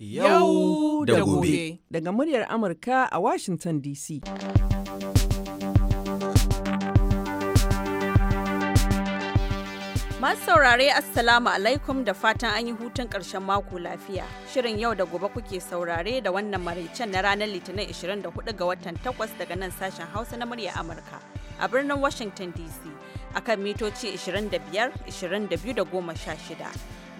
yau da gobe daga muryar Amurka a Washington DC. Masu saurare Assalamu alaikum da fatan an yi hutun ƙarshen mako lafiya. Shirin yau da gobe kuke saurare da wannan maraicen na ranar Litinin 24 ga watan 8 daga nan sashen Hausa na muryar Amurka a birnin Washington DC akan mitoci 25, 22 da 16.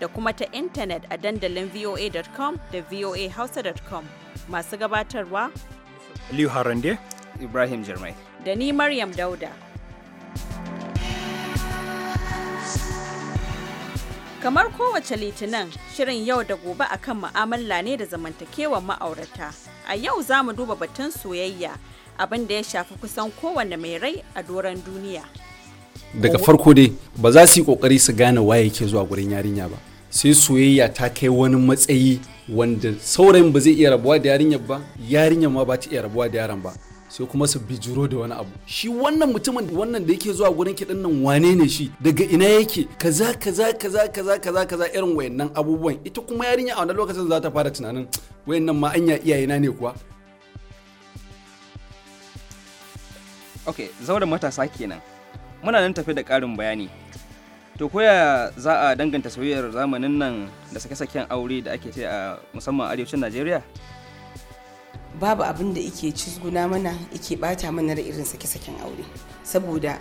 da kuma ta intanet a dandalin voa.com da voahausa.com masu gabatarwa Aliyu Harande Ibrahim Jirmai da ni Maryam Dauda. Kamar kowace litinin shirin yau da gobe akan mu'amala ne da zamantakewar ma'aurata. A yau za mu duba batun soyayya abinda ya shafi kusan kowane mai rai a doron duniya. daga farko dai ba za su yi kokari su gane waye yake zuwa gurin yarinya ba sai soyayya ta kai wani matsayi wanda saurayin ba zai iya rabuwa da yarinyar ba yarinyar ma ba ta iya rabuwa da yaran ba sai kuma su bijiro da wani abu shi wannan mutumin wannan da yake zuwa gurin kiɗan nan wane ne shi daga ina yake kaza kaza kaza kaza kaza kaza irin wayannan abubuwan ita kuma yarinya a wannan lokacin za ta fara tunanin wayannan ma anya iyayena ne kuwa ok zauren matasa kenan muna nan tafi da ƙarin bayani to koya za a danganta soyayyar zamanin nan da sake-saken aure da ake ce a musamman arewacin najeriya babu abin da ike cizguna mana ike bata mana da irin sake-saken aure saboda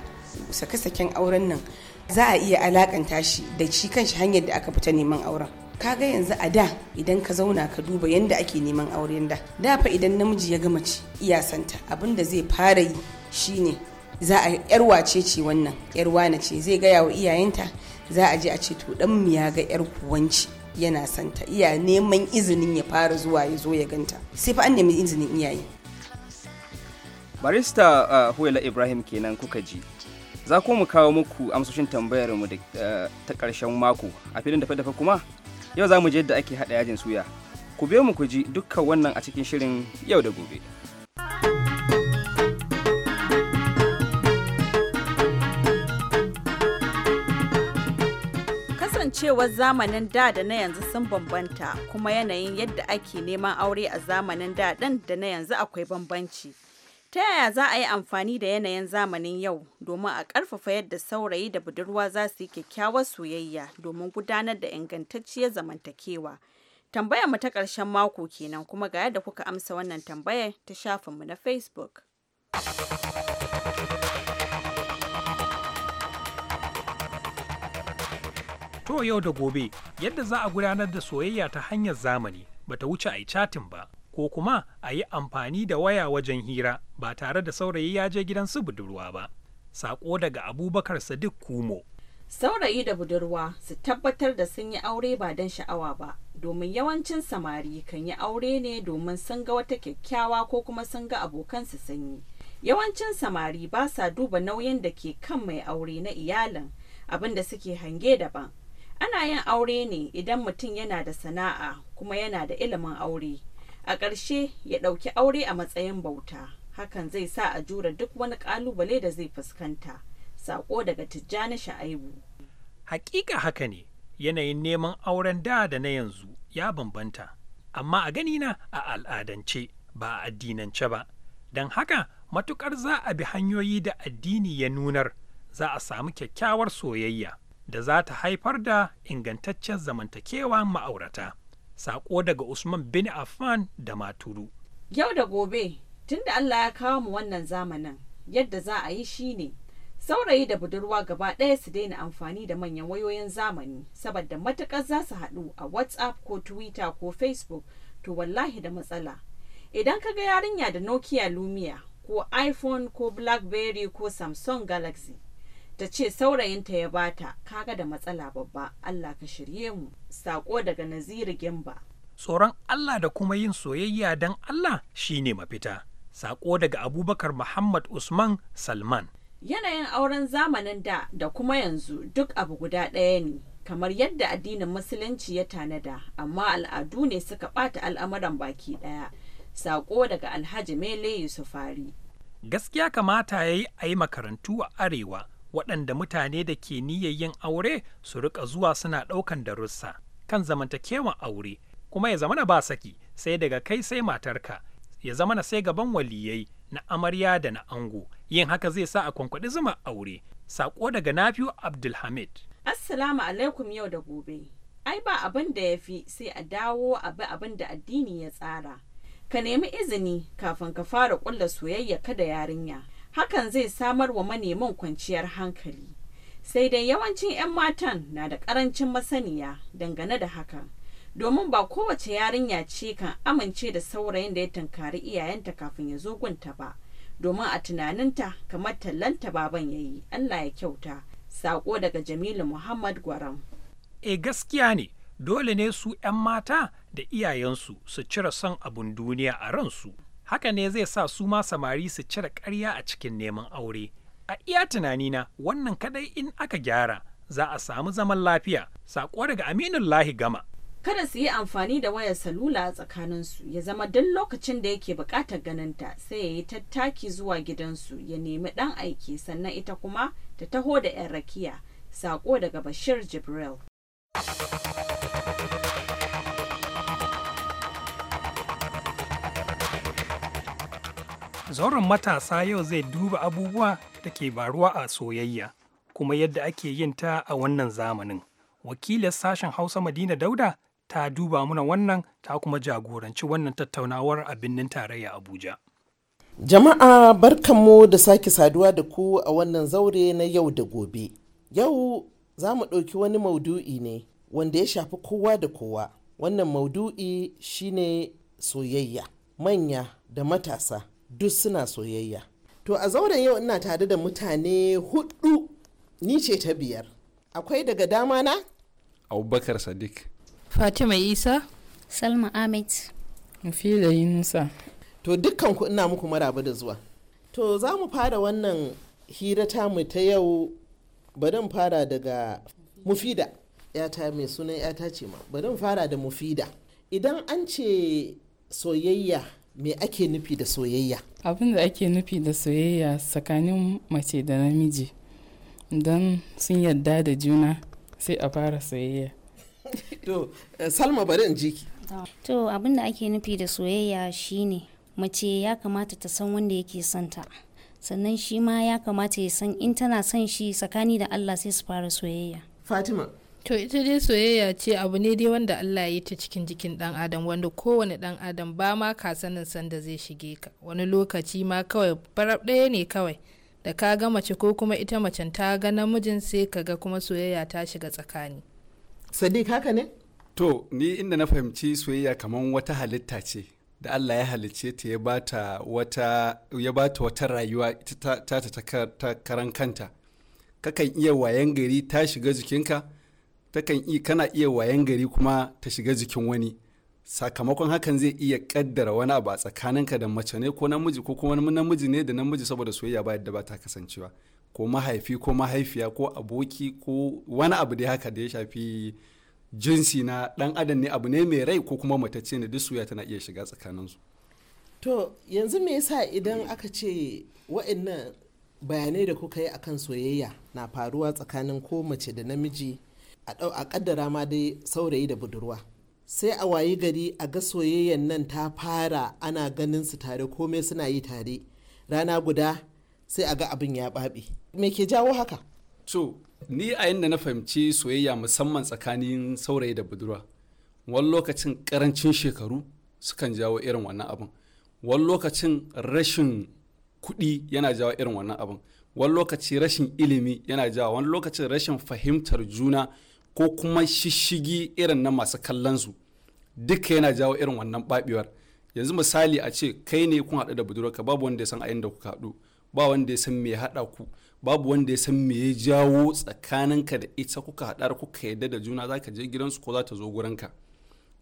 sake-saken auren nan za a iya alakanta shi da shi kanshi hanyar da aka fita neman auren ka ga yanzu a da idan ka zauna ka duba yadda ake neman auren da da fa idan namiji ya ga mace iyasanta abin da zai fara yi shine za a yar wace ce wannan yar wane ce zai gaya wa iyayenta za a je a ce to dan mu ya ga yar kuwanci yana santa iya neman izinin ya fara zuwa ya zo ya ganta sai fa an nemi izinin iyaye barista ah, huwela ibrahim kenan kuka ji za ku mu kawo muku amsoshin tambayar mu da ah, ta karshen mako a filin dafe-dafe kuma yau za mu je yadda ake hada yajin suya ku biyo mu ku ji dukkan wannan a cikin shirin yau da gobe. cewar zamanin da da na yanzu sun bambanta kuma yanayin yadda ake neman aure a zamanin da ɗin da na yanzu akwai bambanci. Ta yaya za a yi amfani da yanayin zamanin yau domin a ƙarfafa yadda saurayi da budurwa za su yi kyakkyawar soyayya domin gudanar da ingantacciyar zamantakewa? Tambayar mu ta ƙarshen mako kenan kuma ga yadda kuka amsa wannan tambayar ta shafinmu na Facebook. To yau da gobe yadda za a gudanar da soyayya ta hanyar zamani ba ta wuce a yi catin ba ko kuma a yi amfani da waya wajen hira ba tare da saurayi ya je gidan su budurwa ba. Sako daga Abubakar Sadiq Kumo. Saurayi da budurwa su tabbatar da sun yi aure ba don sha'awa ba, domin yawancin samari kan yi aure ne domin sun ga wata kyakkyawa ko kuma sun ga abokansu sun yi. Yawancin samari ba sa duba nauyin da ke kan mai aure na iyalin abin da suke hange daban. ana yin aure ne idan mutum yana da sana'a kuma yana da ilimin aure a ƙarshe ya ɗauki aure a matsayin bauta hakan zai sa a jura duk wani ƙalubale da zai fuskanta saƙo daga tijjani sha'aibu hakika haka ne yanayin neman auren da da na yanzu ya bambanta amma a ganina a al'adance ba a addinance ba don haka matuƙar za a bi hanyoyi da addini ya nunar za a samu kyakkyawar soyayya da za ta haifar da ingantaccen zamantakewa ma'aurata. Sako daga Usman bin Affan da Maturu. Yau da gobe, tunda Allah ya kawo mu wannan zamanin, yadda za a yi shi ne, saurayi da budurwa gaba ɗaya su daina amfani da manyan wayoyin zamani saboda matuƙar za su haɗu a WhatsApp ko Twitter ko Facebook to wallahi da matsala. Idan ka ga yarinya da Nokia Lumia ko iPhone ko Blackberry ko Samsung Galaxy ta ce saurayinta ya bata kaga da matsala babba Allah ka shirye mu sako daga Naziru Gimba. tsoron Allah da kuma yin soyayya don Allah shine mafita sako daga Abubakar Muhammad Usman Salman yanayin auren zamanin da da kuma yanzu duk abu guda ɗaya ne kamar yadda addinin musulunci ya tanada amma al'adu ne suka ɓata al'amuran baki ɗaya sako daga Alhaji Mele Yusufari gaskiya kamata ya yi a yi makarantu a arewa waɗanda mutane da ke niyyar yin aure su rika zuwa suna ɗaukan darussa kan zamantakewan aure kuma ya zamana ba saki sai daga kai sai matarka ya zamana sai gaban waliyai na amarya da na ango yin haka zai sa a kwankwaɗi zuma aure Saƙo daga nafiu abdulhamid assalamu alaikum yau da gobe ai ba abin da ya fi sai a dawo abi abin da addini ya tsara ka nemi izini kafin ka fara ƙulla soyayya da yarinya hakan zai samar wa maneman kwanciyar hankali sai dai yawancin 'yan matan na da ƙarancin masaniya dangane da hakan domin ba kowace yarinya ce kan amince da saurayin da ya tunkari iyayenta kafin ya zo gunta ba domin a tunaninta kamar tallanta baban ya yi allah ya kyauta sako daga jamilu muhammad gwaram e gaskiya ne dole ne su 'yan mata da iyayensu su cire son abun duniya a ransu haka ne zai sa su ma samari su cire ƙarya a cikin neman aure a iya tunanina wannan kadai in aka gyara za a samu zaman lafiya saƙo daga lahi gama kada su yi amfani da wayar salula a tsakaninsu ya zama duk lokacin da yake buƙatar ganinta sai ya yi tattaki zuwa gidansu ya nemi ɗan aiki sannan ita kuma ta taho da 'yan rakiya saƙo daga bashir jibril zauren matasa yau zai duba abubuwa da ke baruwa a soyayya kuma yadda ake yin ta a wannan zamanin wakilar sashen hausa madina dauda ta duba muna wannan ta kuma jagoranci wannan tattaunawar a birnin tarayya abuja jama'a barkanmu da sake saduwa da ku a wannan zaure na yau da gobe yau za mu ɗauki wani maudu'i ne wanda ya shafi kowa da kowa wannan maudu'i shine soyayya manya da matasa duk suna soyayya to a zauren yau ina tare da mutane hudu ni ce ta biyar akwai daga dama na abubakar sadiq fatima isa salma ahmed fila yunusa to dukkan ku ina muku maraba da zuwa to za mu fara wannan hira ta mu ta yau bari mu fara daga mufida yata mai sunan yata ce ma bari mu fara da mufida idan an ce soyayya me ake nufi da soyayya abin da ake nufi da soyayya tsakanin mace da namiji don sun yarda da juna sai a fara soyayya to salma bari in ji ki to abin da ake nufi da soyayya shine mace ya kamata ta san wanda yake santa sannan shi ma ya kamata ya san in tana son shi tsakani da allah sai su fara soyayya fatima To ita dai soyayya ce abu ne dai wanda Allah ya ta cikin jikin dan adam wanda kowane dan adam ba ma ka sanin sanda zai shige ka wani lokaci ma kawai farab ɗaya ne kawai da ka ga mace ko kuma ita macen ta ga namijin sai ka ga kuma soyayya ta shiga tsakani. Sadiq haka ne? To ni inda na fahimci soyayya kamar wata halitta ce da Allah ya halicce ta ya bata wata ya bata wata rayuwa ta ta ta karan kanta. Kakan iya wayan gari ta shiga jikinka takan iya kana iya wayan gari kuma ta shiga jikin wani sakamakon hakan zai iya kaddara wani abu a tsakaninka da mace ne ko namiji ko kuma namiji ne da namiji saboda soyayya ba yadda ba ta kasancewa ko mahaifi ko mahaifiya ko aboki ko wani abu dai haka da ya shafi jinsi na dan adam ne abu ne mai rai ko kuma matacce ne duk soyayya tana iya shiga su to yanzu me yasa idan aka ce wa'annan bayanai da kuka yi akan soyayya na faruwa tsakanin ko mace da namiji a ƙaddara ma dai saurayi da budurwa sai a wayi gari a ga soyayyan nan ta fara ana ganin su tare komai suna yi tare rana guda sai a ga abin ya babe me ke jawo haka to ni a yadda na fahimci soyayya musamman tsakanin saurayi da budurwa wani lokacin karancin shekaru sukan jawo irin wannan abin wani lokacin rashin kuɗi yana jawo irin wannan abin wani lokaci rashin ilimi yana jawo wani lokacin rashin fahimtar juna ko kuma shishigi irin na masu kallon su duka yana jawo irin wannan babewar yanzu misali a ce kai ne kun haɗu da budurwarka babu wanda ya san a inda kuka haɗu ba wanda ya san me ya haɗa ku babu wanda ya san me ya jawo tsakaninka da ita kuka haɗar kuka yadda da juna za ka je gidansu ko za ta zo ka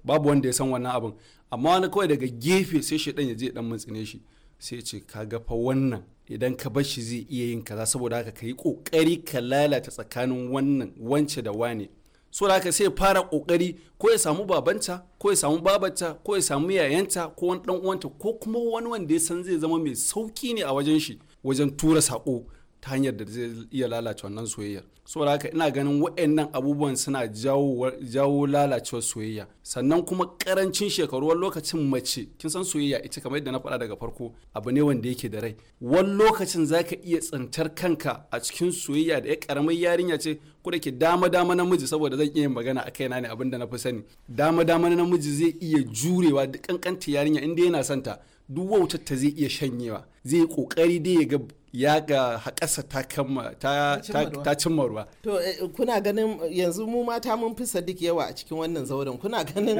babu wanda ya san wannan abin amma wani kawai daga gefe sai shi ya je dan mutsine shi sai ce ka ga fa wannan idan ka bar shi zai iya yin kaza saboda haka ka yi kokari ka lalata tsakanin wannan wance da wane so da haka sai fara kokari ko ya samu babanta ko ya samu babanta ko ya samu yayanta ko wani dan uwanta ko kuma wani wanda ya san zai zama mai sauki ne a wajen shi wajen tura sako ta hanyar da zai iya lalace wannan soyayyar saboda haka ina ganin waɗannan abubuwan suna jawo lalacewar soyayya sannan kuma karancin shekaru wani lokacin mace kin san soyayya ita kamar yadda na faɗa daga farko abu ne wanda yake da rai wani lokacin zaka iya tsantar kanka a cikin soyayya da ya karamin yarinya ce ko da ke dama dama namiji saboda zan iya magana a na ne abinda na fi sani dama dama namiji zai iya jurewa duk kankanta yarinya inda yana santa duk wautar ta zai iya shanyewa zai yi kokari dai ya ga ya ga haƙasa ta kama ta cimma ruwa. To eh, kuna ganin yanzu mu mata mun fi sadik yawa a cikin wannan zauren kuna ganin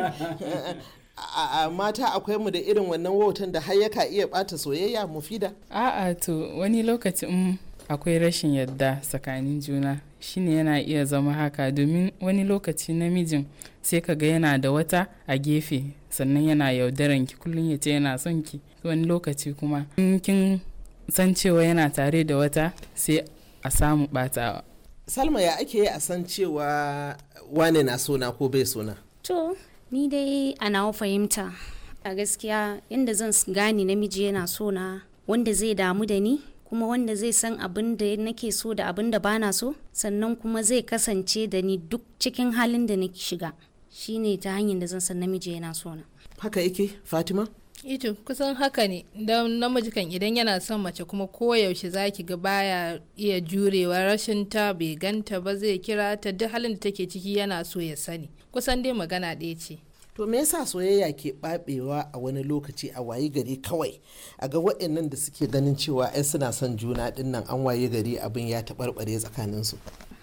mata akwai mu da irin wannan wautan da har yaka iya bata soyayya mufida? A'a to wani lokacin akwai rashin yadda tsakanin juna shine yana iya zama haka domin wani lokaci namijin sai ka ga yana da wata a gefe sannan yana yaudaran ki kullum ya ce yana son ki wani lokaci kuma in kin san cewa yana tare da wata sai a samu batawa salma ya ake a san cewa wane na sona ko bai sona to ni dai a nawa fahimta a gaskiya yadda zan gane namiji yana sona wanda zai damu da ni kuma wanda zai san abin da nake so da abin da bana so sannan kuma zai kasance da ni duk cikin halin da nake shiga shine ta hanyar da zan san namiji yana so na haka yake fatima ito eh kusan haka ne don namiji kan idan yana son mace kuma koyaushe za ki ga baya iya jurewa rashin ta bai ganta ba zai kira ta duk halin da take ciki yana so ya sani kusan dai magana ɗaya ce to me yasa soyayya ke babewa a wani lokaci a waye gari kawai a ga waɗannan da suke ganin cewa ai suna son juna dinnan an waye gari abin ya taɓarɓare tsakaninsu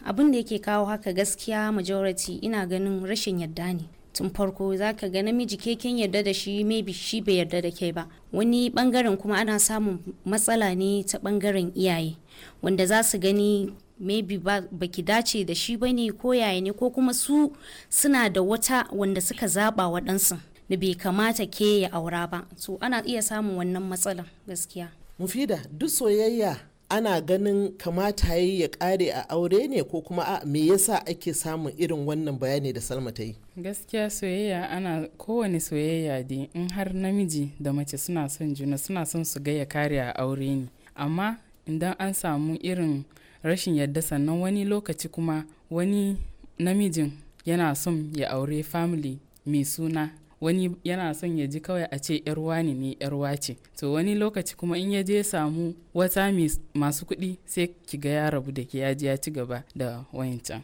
abin da yake kawo haka gaskiya majority ina ganin rashin yadda ne tun farko zaka ga namiji keken yadda da shi maybe shi bai yadda da kai ba wani bangaren kuma ana samun matsala ne ta bangaren iyaye wanda za su gani maybe ba ki dace da shi ba ne ko yaya ne ko kuma su suna da wata wanda suka zaba waɗansu da bai kamata ke ya aura ba so ana iya samun wannan matsalan gaskiya mufida duk soyayya ana ganin kamata yi ya kare a aure ne ko kuma a me yasa ake samun irin wannan bayani da salma ta yi gaskiya soyayya ana kowane soyayya dai in har namiji da mace suna son juna suna son su ga ya kare a aure ne amma idan an samu irin rashin yadda sannan wani lokaci kuma wani namijin yana son ya aure family mai suna wani yana son ya ji kawai a ce yarwa ne ne yarwa ce to wani lokaci kuma in ya je samu wata masu kuɗi sai ki ga ya rabu da ke ya ji ya ci gaba da wayancan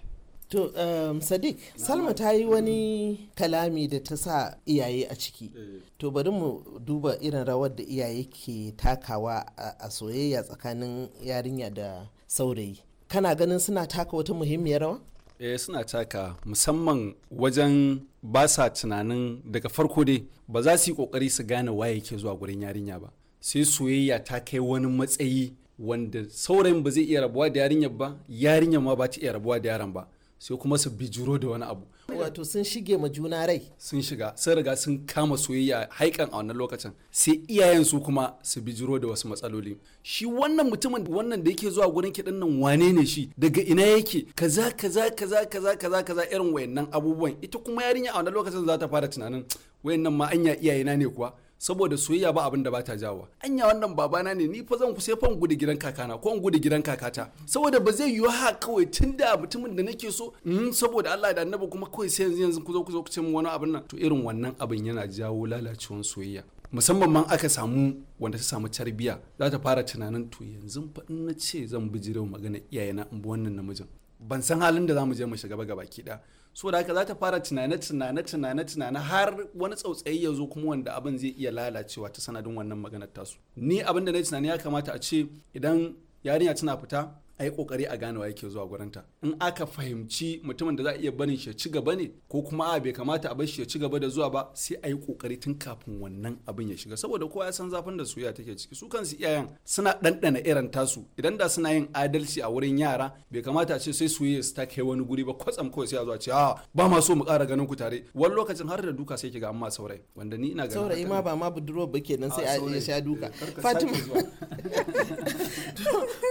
To um, Sadiq, Salma ta yi wani kalami da ta sa iyaye a ciki. To bari mu duba irin rawar da iyaye ke takawa a soyayya tsakanin yarinya da saurayi kana ganin suna taka wata muhimmiyar rawa eh suna taka musamman wajen ba sa tunanin daga farko dai ba za su yi kokari su gane waye yake zuwa gurin yarinya ba sai soyayya ta kai wani matsayi wanda saurayin ba zai iya rabuwa da yarinyar ba yarinyar ma ba ta iya rabuwa da yaron ba sai kuma su bijiro da wani abu wato sun shige ma juna rai sun shiga sun riga sun kama soyayya haikan a wannan lokacin sai iyayen su kuma su bijiro da wasu matsaloli shi wannan mutumin wannan da yake zuwa gurin kiɗan nan wane ne shi daga ina yake kaza kaza kaza kaza kaza kaza irin wayannan abubuwan ita kuma yarinya a wannan lokacin za ta fara tunanin wayannan ma anya iyayena ne kuwa saboda soyayya ba abin da bata jawo anya wannan babana ne ni fa zan kusa fa gudu gidan kakana ko in gudu gidan kakata saboda ba zai yiwu ha kawai tunda mutumin da nake so in mm, saboda Allah da annabi kuma kawai sai yanzu yanzu ku zo ku ce wani abin nan to irin wannan abin yana jawo lalacewar soyayya musamman man aka samu wanda ta samu tarbiya za ta fara tunanin to yanzu fa in na ce zan bijirewa magana iyayena in bi wannan namijin ban san halin da za mu je mu shiga ba gaba ki da da haka za ta fara tunane tunane tunane tunane har wani tsautsayi ya zo kuma wanda abin zai iya lalacewa ta sanadin wannan maganar tasu ni abin da na tunani ya kamata a ce idan yarinya tana fita a yi kokari a gane wa yake zuwa gurinta in aka fahimci mutumin da za a iya barin shi ya ci gaba ne ko kuma a bai kamata a bar shi ya ci gaba da zuwa ba sai a yi kokari tun kafin wannan abin ya shiga saboda kowa ya san zafin da soyayya take ciki su kansu iyayen suna ɗanɗana irin tasu idan da suna yin adalci a wurin yara bai kamata a ce sai soyayya su ta kai wani guri ba kwatsam kawai sai a zuwa ce a ah, ba ma so mu ƙara ganin ku tare wani lokacin har da duka sai kiga amma saurayi wanda ni ina ganin saurayi ma ba ma budurwa ba kenan sai ah, a sha duka eh, fatima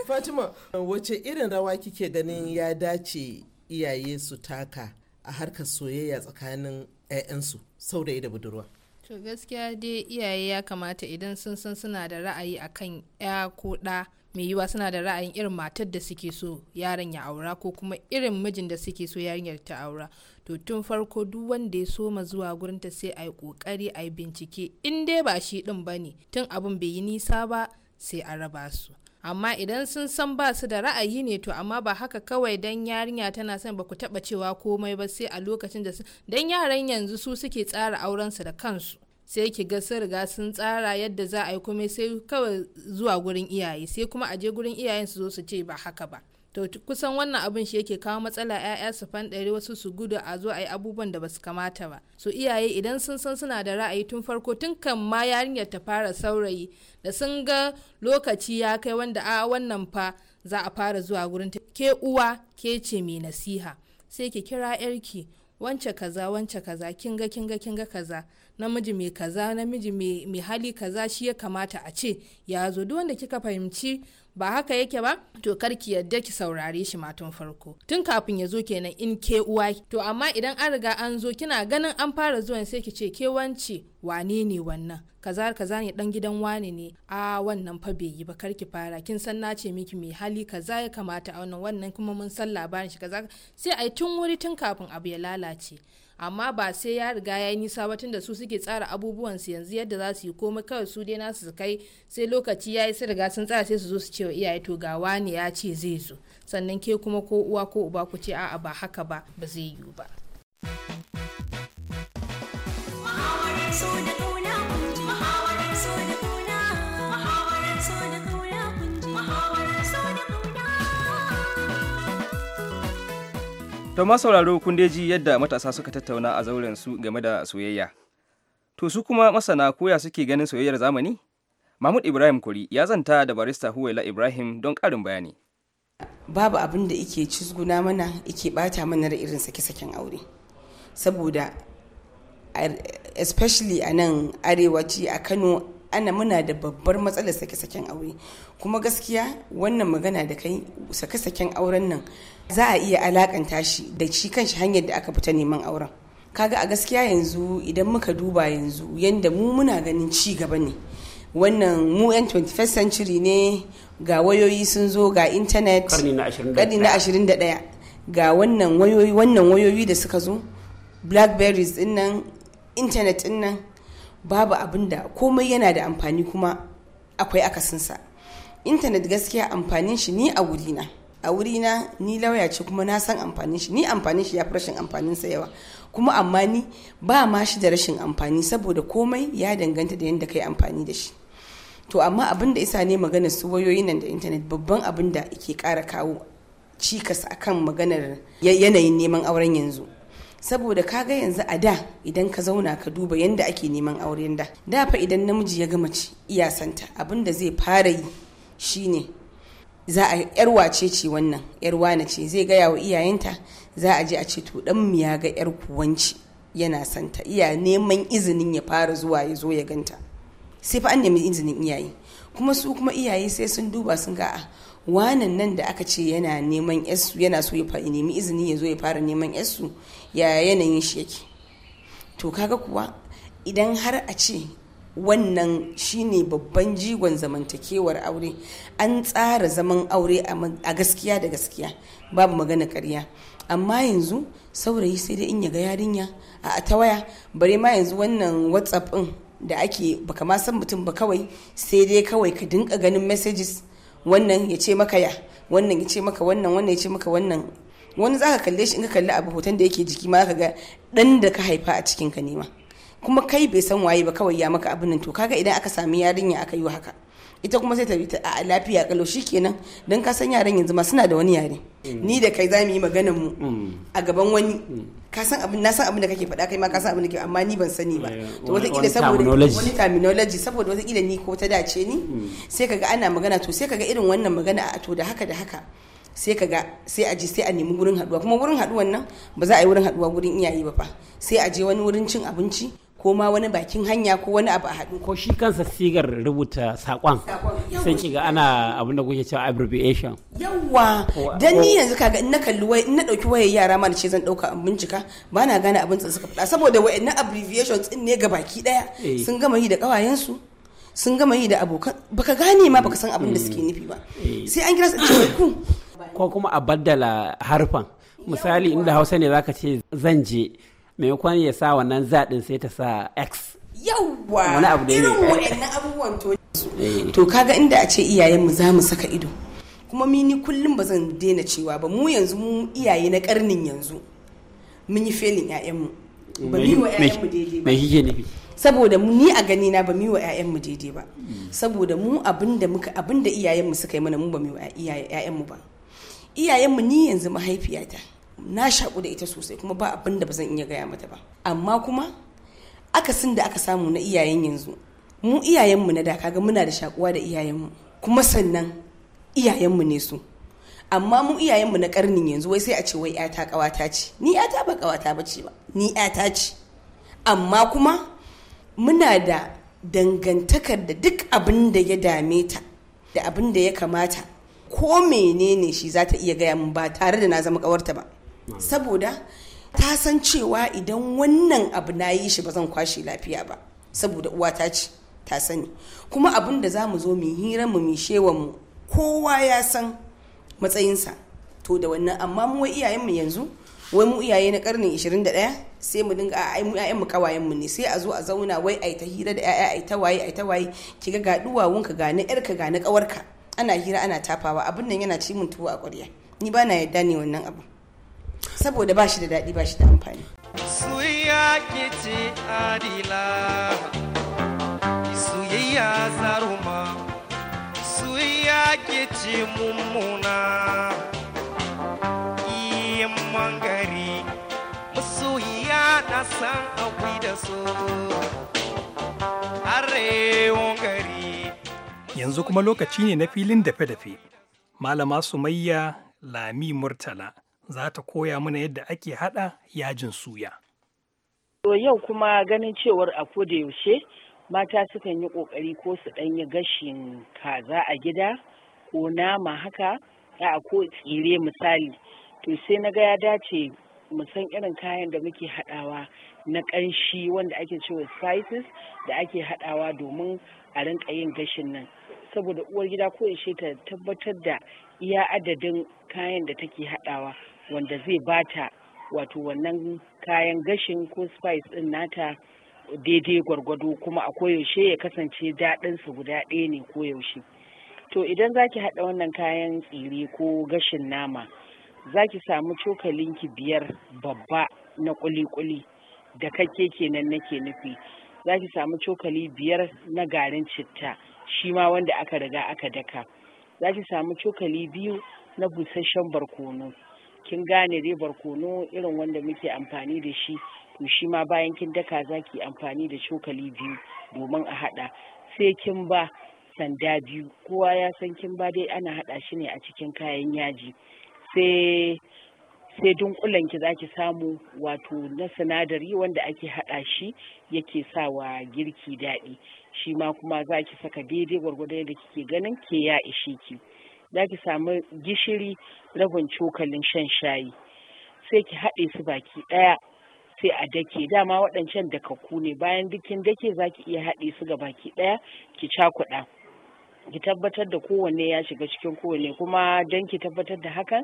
fatima wace irin rawa kike ganin ya dace iyaye su taka a harkar soyayya tsakanin 'ya'yansu saurayi da budurwa to gaskiya dai iyaye ya kamata idan sun san suna da ra'ayi akan 'ya ko ɗa mai yiwa suna da ra'ayin irin matar da suke so yaron ya aura ko kuma irin mijin da suke so yarinyar ta aura to tun farko duk wanda ya soma zuwa gurin ta sai a yi kokari a bincike in dai ba shi din bane tun abin bai yi nisa ba sai a raba su amma idan sun san ba su da ra'ayi ne to amma ba haka kawai dan yarinya tana son ba ku taba cewa komai ba sai a lokacin da dan yaran yanzu su suke tsara auren su da kansu sai ki ga sun riga sun tsara yadda za a yi komai sai kawai zuwa gurin iyaye sai kuma a je gurin iyayen su zo su ce ba haka ba to kusan wannan abin shi yake kawo matsala 'ya'ya su fanɗare wasu su gudu a zo a yi abubuwan da basu kamata ba su iyaye idan sun san suna da ra'ayi tun farko tun kan ma yarinyar ta fara saurayi da sun ga lokaci ya kai wanda a wannan fa za a fara zuwa gurin ta ke uwa ke ce mai nasiha sai ki kira yarki wance kaza wance kaza kinga kinga kinga kaza namiji mai kaza namiji mai hali kaza shi ya kamata a ce ya zo duk wanda kika fahimci ba haka yake ba to kar ki yadda ki saurare shi ma farko tun kafin ya zo kenan in ke uwa to amma idan an riga an zo kina ganin an fara zuwan sai ki ce ke wance wane ne wannan kaza kaza ne dan gidan wane ne a wannan fa bai yi ba kar ki fara kin san na ce miki mai hali kaza ya kamata a wannan wannan kuma mun san labarin shi kaza sai ai tun wuri tun kafin abu ya lalace amma ba sai ya riga ya yi nisa ba tunda su suke tsara abubuwan su yanzu yadda za su yi komai kawai su dai nasu su kai sai lokaci ya yi su riga sun tsara sai su zo su ce wa iyaye to ga wani ya ce zai zo sannan ke kuma ko uwa ko uba ku ce a'a ba haka ba ba zai yiwu ba. To masauraro sauraro kun ji yadda matasa suka tattauna a zauren su game da soyayya. To su kuma masana koya suke ganin soyayyar zamani? Mahmud Ibrahim Kuri ya zanta da barista Huwaila Ibrahim don karin bayani. Babu abin da ike cizguna mana ike bata mana irin sake-saken aure. Saboda especially a nan arewaci a Kano ana muna da babbar matsalar sake-saken aure kuma gaskiya wannan magana da kai sake-saken auren nan za a iya alakanta shi da shi kanshi hanyar da aka fita neman auren kaga a gaskiya yanzu idan muka duba yanzu yadda mu muna ganin ci gaba ne wannan mu 'yan 21st century ne ga wayoyi sun zo ga intanet karni na 21 ga wannan wayoyi wannan wayoyi da suka zo blackberries din nan intanet din nan babu abin komai yana da amfani kuma akwai akasinsa intanet gaskiya amfanin shi ni a wurina a wurina ni lauya ce kuma na san amfanin shi ni amfanin shi ya fi rashin amfanin sa yawa kuma amma ni ba ma shi da rashin amfani saboda komai ya danganta da yadda kai amfani da shi to amma abin da isa ne maganar su wayoyin nan da intanet babban abin da ke kara kawo cikas akan maganar yanayin neman auren yanzu saboda ka ga yanzu a da idan ka zauna ka duba yanda ake neman auren da da fa idan namiji ya gama ci iyasanta abin da zai fara yi shine za a yar wace ce wannan yar wane ce zai gaya wa iyayenta za a je a ce to dan mu ya ga yar kuwanci yana santa iya neman izinin ya fara zuwa ya zo ya ganta sai fa an nemi izinin iyaye kuma su kuma iyaye sai sun duba sun ga a ah, wanan nan da aka ce yana neman yasu yana so ya nemi izini ya zo ya fara neman yasu ya yanayin shi yake to kaga kuwa idan har a ce wannan shine babban jigon zamantakewar aure an tsara zaman aure a gaskiya da gaskiya babu magana karya amma yanzu saurayi sai dai in ya ga yarinya a ta waya bare ma yanzu wannan whatsapp din da ake baka ma san mutum ba kawai sai dai kawai ka dinka ganin messages wannan ya ce maka ya wannan ya ce maka wannan wannan ya ce maka wannan wani zaka kalle shi in ka kalli abu hoton da yake jiki ma ka ga dan da ka haifa a cikin ka ne ma kuma kai bai san waye ba kawai ya maka abin nan to kaga idan aka sami yarinya aka yi haka ita kuma sai ta bi ta a lafiya kalo kenan dan ka san yaran yanzu ma suna da wani yare mm. ni da kai zamu yi maganar mu mm. a gaban wani mm. ka san abin na san abin da kake faɗa kai ma ka san abin da ke amma ni ban sani ba to wata kila saboda wani terminology saboda wata kila ni ko ta dace ni sai kaga ana magana to sai kaga irin wannan magana a to da haka da haka sai ka ga sai a je sai a nemi wurin haduwa kuma wurin haduwan nan ba za a yi wurin haduwa wurin iyaye ba fa sai a je wani wurin cin abinci ko ma wani bakin hanya ko wani abu a haɗu ko shi kansa sigar rubuta saƙon sai kiga ana abin da kuke cewa abbreviation yawa dan ni yanzu kaga in na kalli wai in na dauki wayar yara ma ce zan dauka in bincika ba na gane abin da suka faɗa saboda wayannan abbreviation din ne ga baki daya eh. sun gama yi da kawayen su sun gama yi da abokan baka gane ma baka san abin da mm. suke nufi ba eh. sai an kira su ce ku ko kuma a baddala harfan misali inda hausa ne zaka ce zan je maimakon ya sa wannan zaɗin sai ta sa x yawwa wani abu da irin abubuwan to eh. to kaga inda a ce iyayenmu za mu saka ido kuma mini kullum ba zan daina cewa ba mu yanzu mu iyaye na karnin yanzu mun yi felin mu. ba mu yi wa 'ya'yanmu daidai ba saboda mu ni a gani na ba mu yi wa 'ya'yanmu daidai ba saboda mu abinda muka abinda iyayenmu suka yi mana mu ba mu yi wa mu ba iyayenmu ni yanzu mahaifiyata na shaƙu da ita sosai kuma ba abin da ba zan iya gaya mata ba amma kuma akasin da aka samu na iyayen yanzu mu iyayenmu na da ga muna da shakuwa da iyayenmu kuma sannan iyayenmu ne su amma mu iyayenmu na karnin yanzu wai sai a ce wai yata kawata ce ni yata ba kawata ba ce ba ni yata ce amma kuma muna da dangantakar da duk abin da ya dame ta da abin da ya kamata ko menene shi za ta iya gaya min ba tare da na zama kawarta ba saboda ta san cewa idan wannan abu na yi shi ba zan kwashe lafiya ba saboda uwa ta ce ta sani kuma abin da za mu zo mu hira mu mishewan mu kowa ya san matsayinsa to da wannan amma mu wai iyayen mu yanzu wai mu iyaye na karni 21 sai mu dinga ai mu iyayen mu kawayen mu ne sai a zo a zauna wai ai ta hira da 'ya'ya ai ta waye ai ta waye kiga ga ka ga na ka ga na kawarka ana hira ana tafawa abin nan yana ci mun tuwo a ƙwarya ni ba na yarda ne wannan abu saboda ba shi da daɗi ba shi da amfani suya ke ce adila soyayya zaruma suya ke ce mummuna iya mangari masoyiya na san akwai da so arewa yanzu kuma lokaci ne na filin dafe-dafe. Malama Sumayya Lami Murtala za ta koya mana yadda ake haɗa yajin suya. To yau kuma ganin cewar a da yaushe mata sukan yi ƙoƙari ko su ɗanyi gashin kaza a gida ko nama haka a ko tsire misali. To sai na ga ya dace musan irin kayan da muke haɗawa na ƙanshi wanda ake cewa spices da ake haɗawa domin a rinka yin gashin nan. saboda uwar gida ko ta tabbatar da iya adadin kayan da take haɗawa wanda zai bata wato wannan kayan gashin ko spice ɗin nata daidai gwargwado kuma a koyaushe ya kasance daɗin su guda ɗaya ne koyaushe to idan za ki haɗa wannan kayan tsire ko gashin nama za ki samu cokalinki biyar babba na kuli-kuli da kake kenan nake nufi za ki samu cokali biyar na garin citta shi ma wanda aka riga aka daka za ki samu cokali biyu na busasshen barkono kin gane dai barkono irin wanda muke amfani da shi to shi ma bayan kin daka za ki amfani da cokali biyu domin a haɗa sai kin ba sanda biyu kowa ya san kin ba dai ana haɗa shi ne a cikin kayan yaji sai sai dunkulen ki zaki samu wato na sinadari wanda ake haɗa shi yake sawa girki daɗi shi ma kuma za ki saka daidai gwargwadon da kike ganin ke ya ishe ki za ki samu gishiri rabin cokalin shan shayi sai ki haɗe su baki ɗaya sai a dake dama waɗancan dakakku ne bayan dukin dake za ki iya haɗe su ga baki ɗaya ki cakuɗa ki tabbatar da kowanne ya shiga cikin kowanne kuma don ki tabbatar da hakan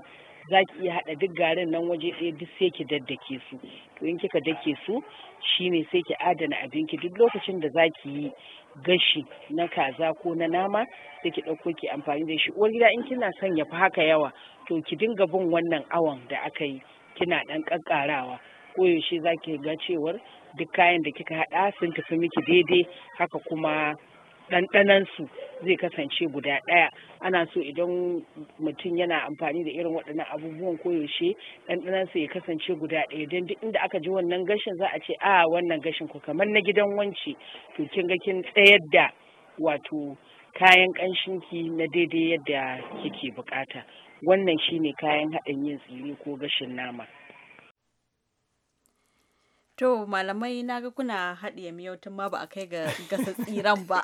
za ki iya haɗa duk garin nan waje ɗaya duk sai ki daddake su to in kika dake su shine sai ki adana abinki duk lokacin da za ki yi gashi na kaza ko na nama da ki ɗauko ki amfani da shi uwar gida in kina son ya fi haka yawa to ki dinga bin wannan awon da aka yi kina ɗan ƙaƙƙarawa yaushe za ki ga cewar duk kayan da kika haɗa sun tafi miki daidai haka kuma ɗanɗanansu zai kasance guda ɗaya ana so idan mutum yana amfani da irin waɗannan abubuwan koyaushe ɗanɗanansu ya kasance guda ɗaya don duk inda aka ji wannan gashin za a ce a wannan gashin ku kamar na gidan wance to kin ga kin tsayar da wato kayan ƙanshinki na daidai yadda kike bukata wannan shine kayan haɗin yin tsire ko gashin nama To malamai na ga kuna haɗiye miyau tun ma ba a kai ga gasa tsiran ba.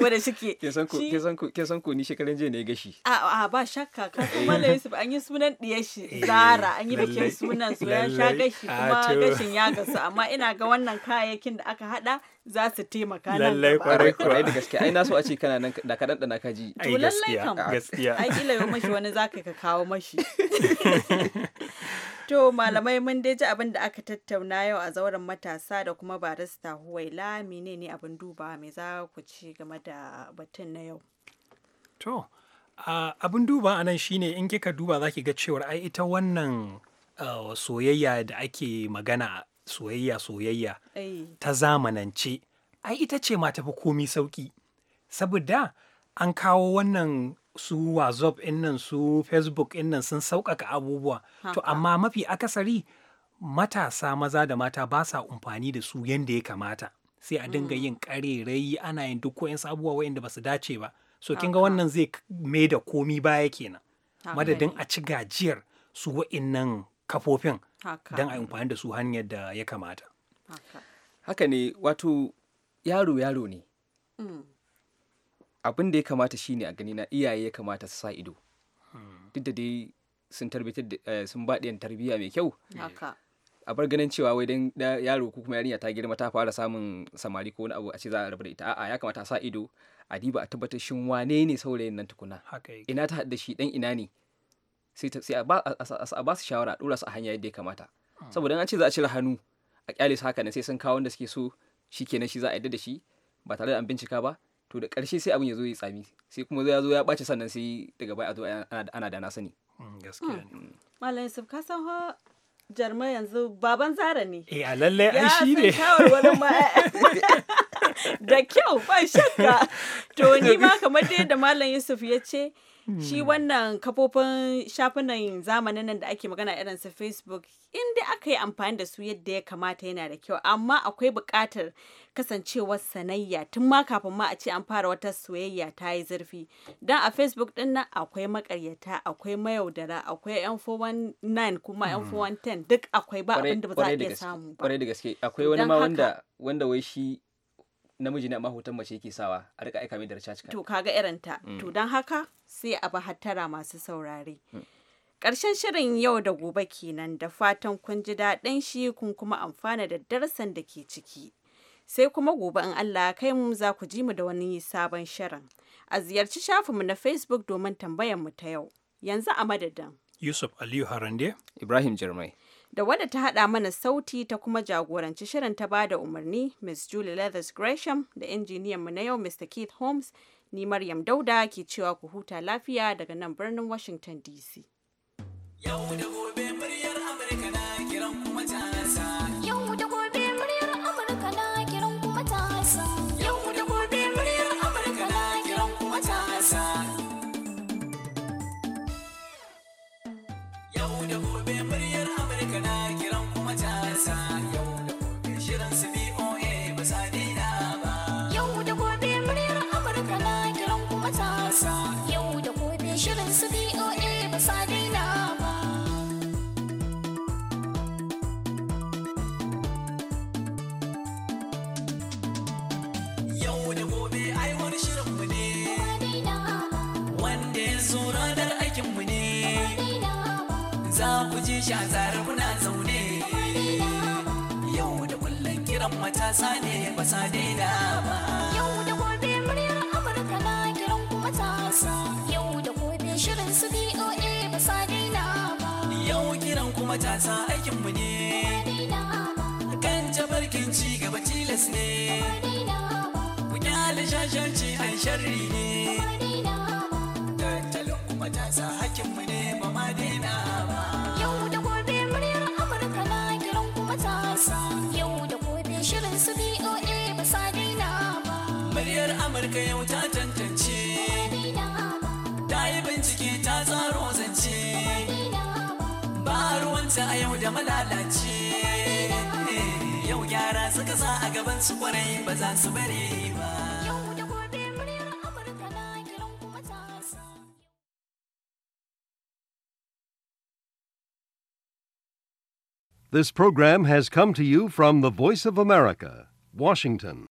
Wanda suke. Kin san ko ni shekaran jiya ne gashi. A ba shakka ka san eh. mana yi an yi sunan ɗiya shi eh, Zara an yi bikin sunan su ya sha gashi ah, kuma gashin ya gasu amma ina ga wannan kayayyakin da aka haɗa za su taimaka nan lallai kwarai da gaske ai na so a ce kana nan da ka dandana ka ji to lallai kam gaskiya ai kila yau mashi wani za ka kawo mashi To malamai mun dai ji abin da aka tattauna yau a zauren matasa da kuma barista Huwaila ne abin duba me za ku ci game da batun na yau. To abin duba a nan shine in kika duba za ki ga cewar ai ita wannan soyayya da ake magana soyayya soyayya ta zamanance ai ita ce ma tafi komi sauki saboda an kawo wannan su whatsapp innan su facebook innan sun sauƙaƙa abubuwa to amma mafi akasari matasa maza da mata ba sa amfani da su yadda ya kamata sai a dinga mm. yin ƙarerayi ana yin duk wa'insu abubuwa wa'inda ba su dace ba so kinga wannan zai mai da komi baya kenan madadin a ci gajiyar su wa'innan kafofin don a amfani da su hanyar da ya kamata haka ne wato yaro yaro ne mm. abin da ya kamata ne a gani na iyaye ya kamata su sa ido duk da dai sun tarbitar eh, sun baɗiyan tarbiyya mai kyau a bar ganin cewa wai dan yaro ko kuma yarinya ta girma ta fara samun samari ko wani abu a ce za a rabu da ita a'a ya kamata a sa ido a diba a tabbatar shin wane ne saurayin nan tukuna ina ta hadda shi dan ina ne sai a ba su shawara a dora su a hanya yadda ya kamata hmm. saboda an ce za a cire hannu a kyale su haka ne sai sun kawo wanda suke so shi kenan shi za a yadda da shi ba tare da an bincika ba to da ƙarshe sai abin ya zo ya tsami sai kuma ya zo ya ɓace sannan sai daga baya a zo ana da na sani mm, hmm. malam yusuf ka san ho jarma yanzu baban zara ne eh a lallai ai shi ne da kyau ba shakka to ni ma kamar da malam yusuf ya ce shi hmm. wannan kafofin shafunan zamanin nan da ake magana irin su facebook inda aka yi amfani da su yadda ya kamata yana da kyau amma akwai buƙatar kasancewar sanayya tun ma kafin ma a ce an fara wata soyayya ta yi zurfi don a facebook din nan akwai makaryata akwai mayaudara akwai yan 419 kuma yan 410 hmm. duk akwai ba abin da ba za a iya samu ba kwarai da gaske akwai wani ma wanda wanda wai shi namiji ne amma hoton mace yake sawa a rika aika mai da recharge card to kaga irin ta mm. to dan haka sai a bahattara masu saurare mm. Ƙarshen shirin yau da gobe kenan da fatan kun ji daɗin shi kun kuma amfana da darasan da ke ciki. Sai kuma gobe in Allah kai mu za ku ji mu da wani sabon shirin. A ziyarci shafinmu na Facebook domin tambayar mu ta yau. Yanzu a madadin. Yusuf Aliyu Harande. Ibrahim Jirmai. da wadda ta hada mana sauti ta kuma jagoranci shirin ta bada umarni Miss Julie Leathers Gresham da mu na yau Mr. Keith Holmes ni Maryam Dauda ke cewa ku huta lafiya daga nan birnin Washington DC. Yau da gobe sha zara kuna zaune yau da kullum kiran matasa ne ba sa daina ba yau da gobe muryar amurka na kiran ku matasa yau da gobe shirin su boa ba sa daina ba yau kiran ku matasa aikin mu ne kan tabarkin ci gaba tilas ne ku kyale shashanci an sharri ne ta zance a yau da malalace yau gyara suka sa a gaban su kwarai ba za su bare ba This program has come to you from the Voice of America, Washington.